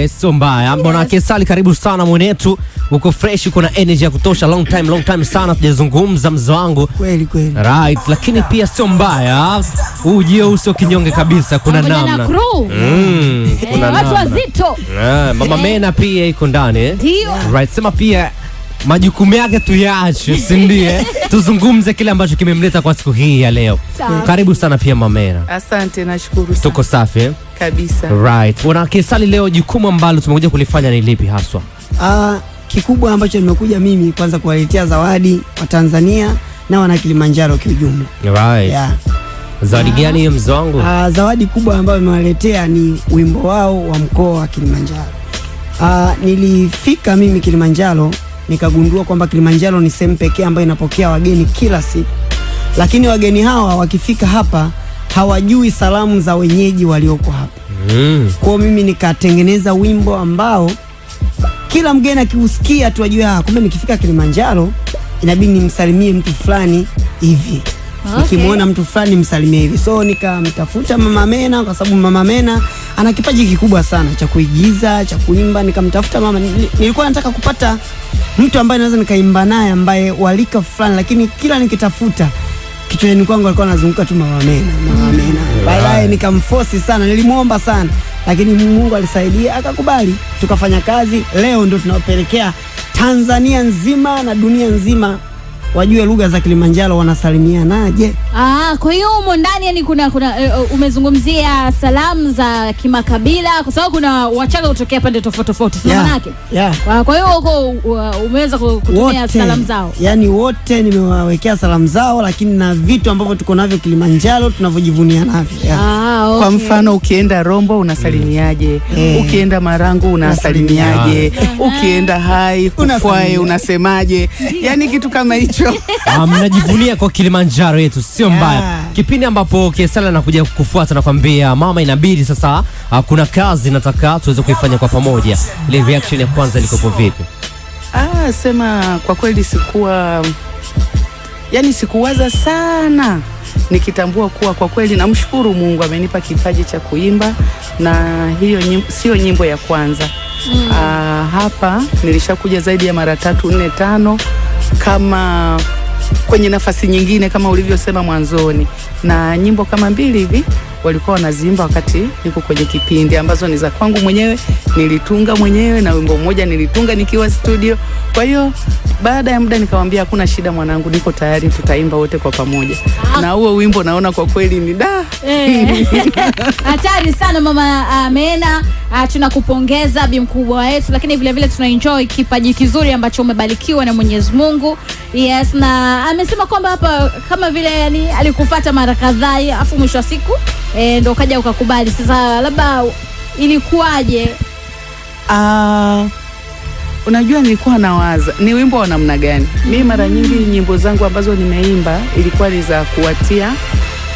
mbaya, sio mbaya. Yes. yes. Kesali karibu sana mwenetu, uko fresh, kuna energy ya kutosha. Long time long time sana tujazungumza mzee wangu, kweli kweli, right. Lakini pia sio mbaya, huu ujio sio kinyonge kabisa, kuna namna mm, kuna hey, watu wazito yeah, mama hey. Eh. Mena pia iko ndani yeah. Right, sema pia majukumu yake tuyaache, si ndiye? Tuzungumze kile ambacho kimemleta kwa siku hii ya leo. Karibu sana pia Mamera. Asante, nashukuru sana. Tuko safi. Eh? kabisa. Right. Una Kisali, leo jukumu ambalo tumekuja kulifanya ni lipi haswa? Ah, kikubwa ambacho nimekuja mimi kwanza kuwaletea zawadi wa Tanzania na wana Kilimanjaro kiujumla. Right. Yeah. Zawadi ah, gani hiyo mzee wangu? Uh, zawadi kubwa ambayo nimewaletea ni wimbo wao wa mkoa wa Kilimanjaro. Ah, nilifika mimi Kilimanjaro nikagundua kwamba Kilimanjaro ni sehemu pekee ambayo inapokea wageni kila siku, lakini wageni hawa wakifika hapa hawajui salamu za wenyeji walioko hapa mm. Kwao mimi nikatengeneza wimbo ambao kila mgeni akiusikia tu ajue ah, kumbe nikifika Kilimanjaro inabidi nimsalimie mtu fulani hivi okay. Nikimwona mtu fulani msalimie hivi, so nikamtafuta Mama Mena kwa sababu Mama Mena ana kipaji kikubwa sana cha kuigiza cha kuimba. Nikamtafuta mama, nilikuwa nataka kupata mtu ambaye naweza nikaimba naye ambaye walika fulani, lakini kila nikitafuta kichwani kwangu alikuwa anazunguka tu mawamena mawamena. Baadaye nikamforce sana, nilimwomba sana, lakini Mungu alisaidia akakubali, tukafanya kazi. Leo ndo tunawapelekea Tanzania nzima na dunia nzima wajue lugha za Kilimanjaro wanasalimianaje. Ah, kwa hiyo humo ndani yani kuna, kuna eh, eh, umezungumzia salamu za kimakabila kwa sababu kuna Wachaga kutokea pande tofauti tofauti, sio yake? Yeah, yeah. Kwa hiyo huko uh, umeweza kutumia salamu zao? Yani wote nimewawekea salamu zao, lakini na vitu ambavyo tuko navyo Kilimanjaro tunavyojivunia navyo yeah. Ah, okay. Kwa mfano ukienda Rombo unasalimiaje? yeah. Mm. Ukienda Marangu unasalimiaje? yeah. Ukienda Hai Kufwae unasemaje? yani kitu kama hicho ah, mnajivunia kwa Kilimanjaro yetu, sio yeah. mbaya kipindi ambapo Kesala anakuja kufuata na kwambia mama, inabidi sasa, ah, kuna kazi nataka tuweze kuifanya kwa pamoja. Ile reaction ya kwanza ilikuwa vipi? Ah, sema kwa kweli sikuwa yani sikuwaza sana nikitambua kuwa kwa kweli namshukuru Mungu amenipa kipaji cha kuimba na hiyo nyim, sio nyimbo ya kwanza mm. Aa, ah, hapa nilishakuja zaidi ya mara tatu nne tano kama kwenye nafasi nyingine kama ulivyosema mwanzoni, na nyimbo kama mbili hivi walikuwa wanaziimba wakati niko kwenye kipindi ambazo ni za kwangu mwenyewe nilitunga mwenyewe na wimbo mmoja nilitunga nikiwa studio. Kwa hiyo baada ya muda nikamwambia hakuna shida mwanangu, niko tayari, tutaimba wote kwa pamoja ah. Na huo wimbo naona kwa kweli ni da eh. hatari eh. sana mama Amena. Ah, uh, ah, tunakupongeza bi mkubwa wetu, lakini vile vile tunaenjoy kipaji kizuri ambacho umebarikiwa na Mwenyezi Mungu. Yes, na amesema kwamba hapa kama vile yani alikufuata mara kadhaa afu mwisho wa siku eh, ndo kaja ukakubali. Sasa labda ilikuwaje? Uh, unajua nilikuwa nawaza ni wimbo wa namna gani. mi mara nyingi nyimbo zangu ambazo nimeimba ilikuwa ni za kuwatia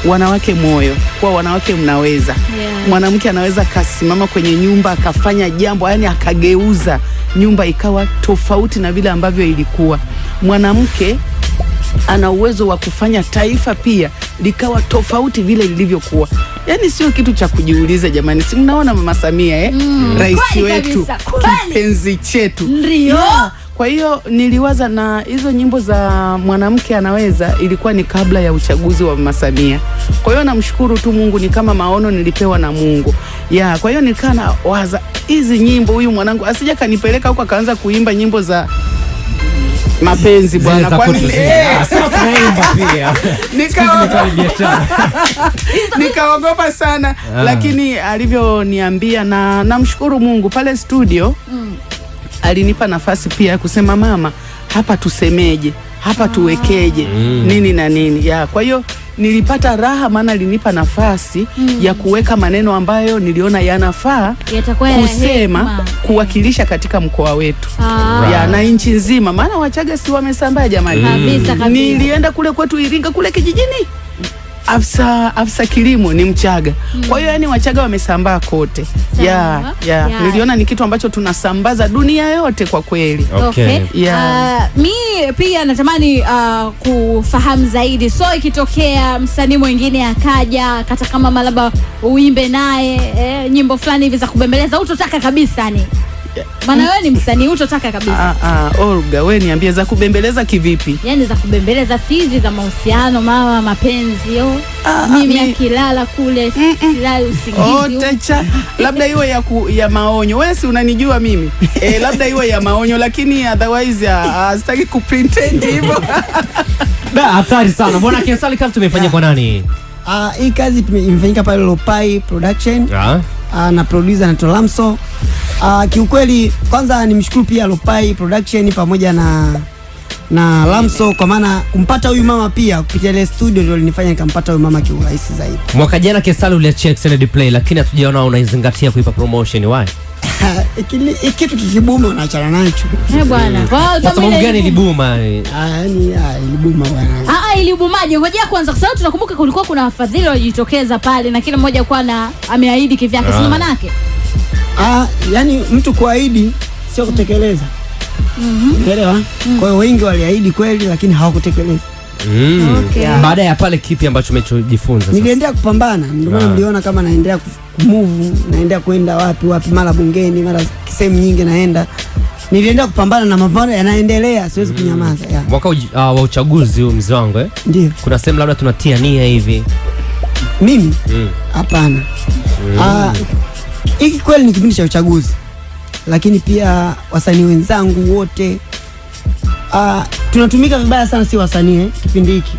wanawake moyo, kuwa wanawake mnaweza, yeah. Mwanamke anaweza akasimama kwenye nyumba akafanya jambo, yani akageuza nyumba ikawa tofauti na vile ambavyo ilikuwa. Mwanamke ana uwezo wa kufanya taifa pia likawa tofauti vile lilivyokuwa yani sio kitu cha kujiuliza jamani, si mnaona Mama Samia eh? Mm. Rais wetu kipenzi chetu ndio. Kwa hiyo niliwaza na hizo nyimbo za mwanamke anaweza, ilikuwa ni kabla ya uchaguzi wa Mama Samia. Kwa hiyo namshukuru tu Mungu, ni kama maono nilipewa na Mungu ya. Kwa hiyo nilikaa nawaza waza hizi nyimbo, huyu mwanangu asija kanipeleka huko akaanza kuimba nyimbo za mapenzi bwana, kwani ah, nikaogopa sana ah. Lakini alivyoniambia na namshukuru Mungu pale studio mm. alinipa nafasi pia ya kusema mama, hapa tusemeje, hapa ah. tuwekeje mm. nini na nini ya kwa hiyo nilipata raha, maana linipa nafasi mm. ya kuweka maneno ambayo niliona yanafaa kusema kuwakilisha katika mkoa wetu ah. ya na nchi nzima, maana Wachaga si wamesambaa jamani mm. nilienda kule kwetu Iringa kule kijijini afsa afsa kilimo ni Mchaga mm. Kwa hiyo yani Wachaga wamesambaa kote yeah, yeah. Yeah. Niliona ni kitu ambacho tunasambaza dunia yote kwa kweli okay. Yeah. Uh, mi pia natamani uh, kufahamu zaidi, so ikitokea msanii mwingine akaja kata kama labda uimbe naye eh, nyimbo fulani hivi za kubembeleza utotaka kabisa ni maana wewe ni msanii utotaka kabisa. Ah ah, Olga, wewe niambie za kubembeleza kivipi? Yaani za kubembeleza si hizi za mahusiano, mama, mapenzi yo. Ah, ah mimi akilala mi... kule mm, mm. silali usingizi. Otecha. Oh, labda iwe ya ku, ya maonyo. Wewe si unanijua mimi. Eh, labda iwe ya maonyo lakini otherwise ah, ah, sitaki ku pretend hivyo. Da, hatari sana. Mbona Kiensali kazi tumefanya kwa nani? Ah, hii kazi imefanyika pale Lopai Production. Ah. Na producer anaitwa Lamso. Uh, kiukweli kwanza nimshukuru pia Lopai Production pamoja na na Lamso kwa maana kumpata huyu mama pia kupitia ile studio ndio linifanya nikampata huyu mama kiurahisi zaidi. Mwaka jana Kesali uliachia extended play, lakini hatujaona unaizingatia kuipa promotion why? Kitu kikibuma unaachana nacho. Eh bwana. Mm. Kwa sababu gani ilibuma? Ah, yani ah, ilibuma bwana. Ah, ah, ilibumaje? Ngoja kwanza kwa sababu tunakumbuka kulikuwa kuna wafadhili wajitokeza pale na kila mmoja kwa na ameahidi kivyake, si maana yake? Ah, yani mtu kuahidi sio kutekeleza. Mhm. Mm -hmm. Elewa? Mm -hmm. Kwa hiyo wengi waliahidi kweli lakini hawakutekeleza. Mm. Okay. Baada ya pale kipi ambacho umechojifunza sasa? Niliendea kupambana, ndio maana mliona ah. kama naendelea kumove, naendelea kwenda wapi wapi, mara bungeni, mara sehemu nyingi naenda. niliendea kupambana na mapambano yanaendelea, siwezi mm. kunyamaza. Ya. Mwaka uh, wa uchaguzi huu mzee wangu eh? Ndio. Kuna sehemu labda tunatia nia hivi. Mimi? Mm. Hapana. Mm. Ah, hiki kweli ni kipindi cha uchaguzi, lakini pia wasanii wenzangu wote uh, tunatumika vibaya sana, si wasanii eh, kipindi hiki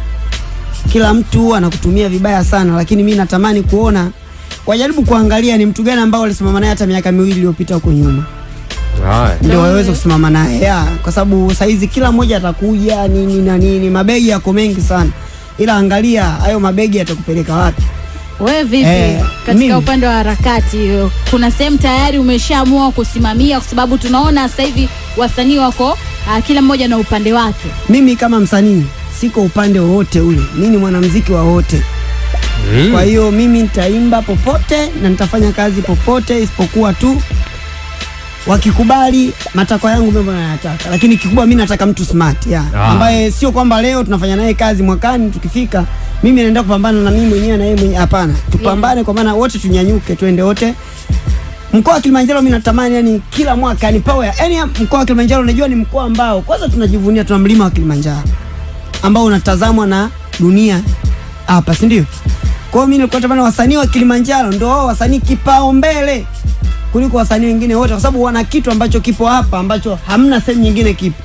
kila mtu anakutumia vibaya sana, lakini mi natamani kuona wajaribu kuangalia ni mtu gani ambao alisimama naye hata miaka miwili iliyopita huko nyuma ndio waweze kusimama naye, kwa sababu saizi kila mmoja atakuja nini na nini, mabegi yako mengi sana, ila angalia hayo mabegi yatakupeleka wapi. Wewe vipi eh, katika upande wa harakati eh, kuna sehemu tayari umeshaamua kusimamia kwa sababu tunaona sasa hivi wasanii wako uh, kila mmoja na upande wake. Mimi kama msanii siko upande wowote ule, mimi ni mwanamuziki wa wote mm. Kwa hiyo mimi nitaimba popote na nitafanya kazi popote, isipokuwa tu wakikubali matakwa yangu mimi nayataka, lakini kikubwa mimi nataka mtu smart ya ah, ambaye sio kwamba leo tunafanya naye kazi, mwakani tukifika mimi naenda kupambana na mimi mwenyewe na yeye mwenyewe. Hapana, mm. tupambane kwa maana wote tunyanyuke, twende wote. Mkoa wa Kilimanjaro mimi natamani yani kila mwaka ni power. yani mkoa wa Kilimanjaro unajua ni mkoa ambao kwanza tunajivunia tuna mlima wa Kilimanjaro ambao unatazamwa na dunia hapa, si ndio? Kwa hiyo mimi nilikuwa natamani wasanii wa Kilimanjaro ndio wao wasanii kipao mbele kuliko wasanii wengine wote, kwa sababu wana kitu ambacho kipo hapa ambacho hamna sehemu nyingine kipo.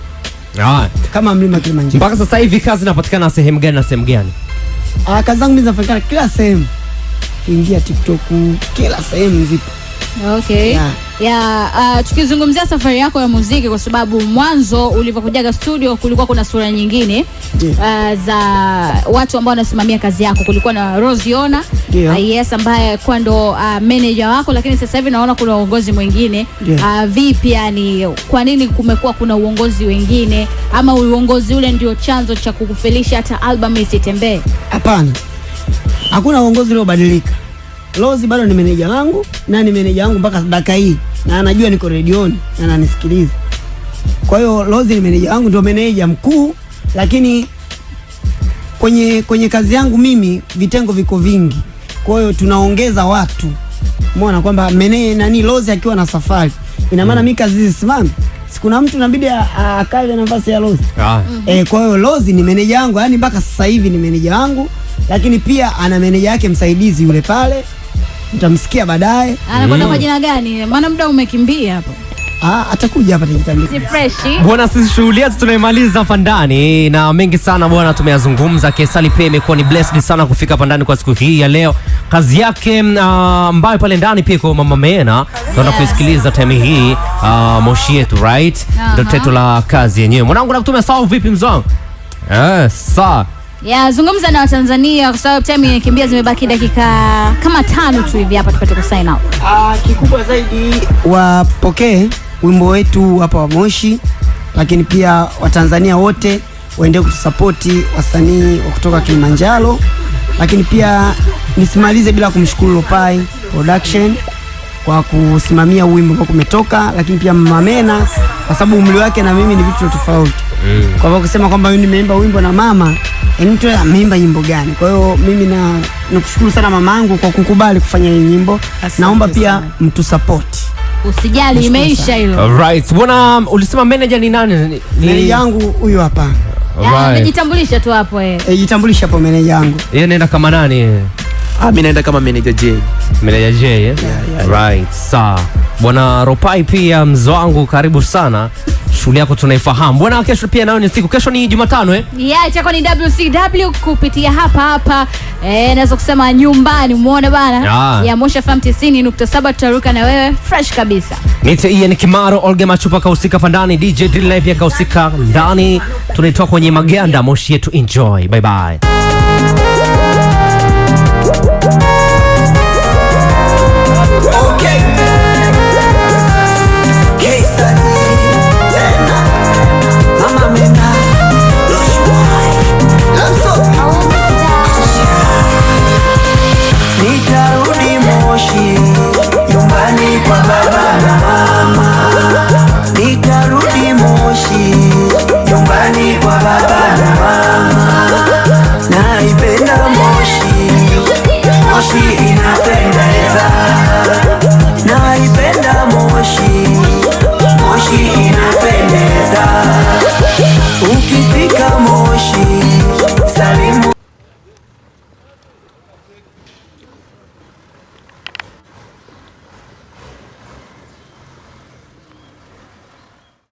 Ah, kama mlima Kilimanjaro. Mpaka sasa hivi kazi inapatikana sehemu gani na sehemu gani? kazi zangu mimi zinafanikana kila sehemu, ingia TikTok, kila sehemu zipo. Okay. Yeah. Yeah, uh, tukizungumzia safari yako ya muziki kwa sababu mwanzo ulivyokujaga studio kulikuwa kuna sura nyingine yeah. uh, za watu ambao wanasimamia kazi yako, kulikuwa na Roziona yeah. uh, yes ambaye kwa ndo uh, manager wako, lakini sasa hivi naona kuna uongozi mwingine yeah. uh, vipi, yani kwa nini kumekuwa kuna uongozi wengine ama uongozi ule ndio chanzo cha kukufelisha hata album isitembee? Hapana, hakuna uongozi uliobadilika Lozi bado ni meneja wangu na ni meneja wangu mpaka dakika hii, na anajua niko redioni na ananisikiliza. Kwa hiyo Lozi ni meneja wangu, ndio meneja mkuu, lakini kwenye kwenye kazi yangu mimi vitengo viko vingi, kwa hiyo tunaongeza watu. Umeona kwamba mene nani Lozi akiwa na safari, ina maana mm. mimi kazi zisimame kuna mtu inabidi akale nafasi ya Lozi Ah. Eh, kwa hiyo Lozi ni meneja wangu, yani mpaka sasa hivi ni meneja wangu, lakini pia ana meneja yake msaidizi yule pale utamsikia baadaye anakwenda kwa mm. jina gani, maana muda umekimbia hapo. Ah, atakuja hapa bwana, sisi shughuli yetu tunaimaliza ndani na mengi sana bwana tumeyazungumza. Kesali pia imekuwa ni blessed sana kufika hapa ndani kwa siku hii ya leo, kazi yake ah, ambayo uh, pale ndani pia kwa Mama Meena tunaenda kuisikiliza time hii uh, moshi yetu right, ndio uh -huh. Teto la kazi yenyewe mwanangu, nakutumia sawa vipi mzangu? Eh, yes, sawa ya, zungumza na Watanzania kwa sababu time inakimbia, zimebaki dakika kama tano tu hivi hapa tupate kusign out. Ah, kikubwa zaidi wapokee wimbo wetu hapa wa Moshi, lakini pia Watanzania wote waendelee kutusapoti wasanii wa kutoka Kilimanjaro, lakini pia nisimalize bila kumshukuru Lopai Production kwa kusimamia wimbo ambao kumetoka, lakini pia Mamena kwa sababu umri wake na mimi ni vitu tofauti Mm. Kwa hivyo kusema kwamba nimeimba wimbo na mama yani mtu ameimba nyimbo gani? Kwa hiyo mimi na nakushukuru sana mamangu kwa kukubali kufanya hii nyimbo. Naomba pia mtu support Usijali imeisha hilo. Alright. Bwana um, ulisema manager ni nani? Ni yangu huyu hapa. Amejitambulisha tu hapo eh. Eh, jitambulisha hapo meneja yangu. Yeye anaenda kama nani? Eh? Ah, mimi naenda kama meneja J. Meneja J eh? Yeah, yeah, yeah. Right. Sawa. Bwana Ropai pia mzo wangu karibu sana shughuli yako tunaifahamu bwana. Kesho pia nayo ni siku, kesho ni Jumatano eh? Yeah, chako ni WCW kupitia hapa hapa eh, naweza kusema nyumbani, umeona bana yeah. ya Moshi FM 90.7 tutaruka na wewe fresh kabisa. Nite ni Kimaro, Olga Machupa kahusika pandani, DJ Drill naye pia kahusika ndani, tunaitoa kwenye maganda Moshi yetu, enjoy, bye bye.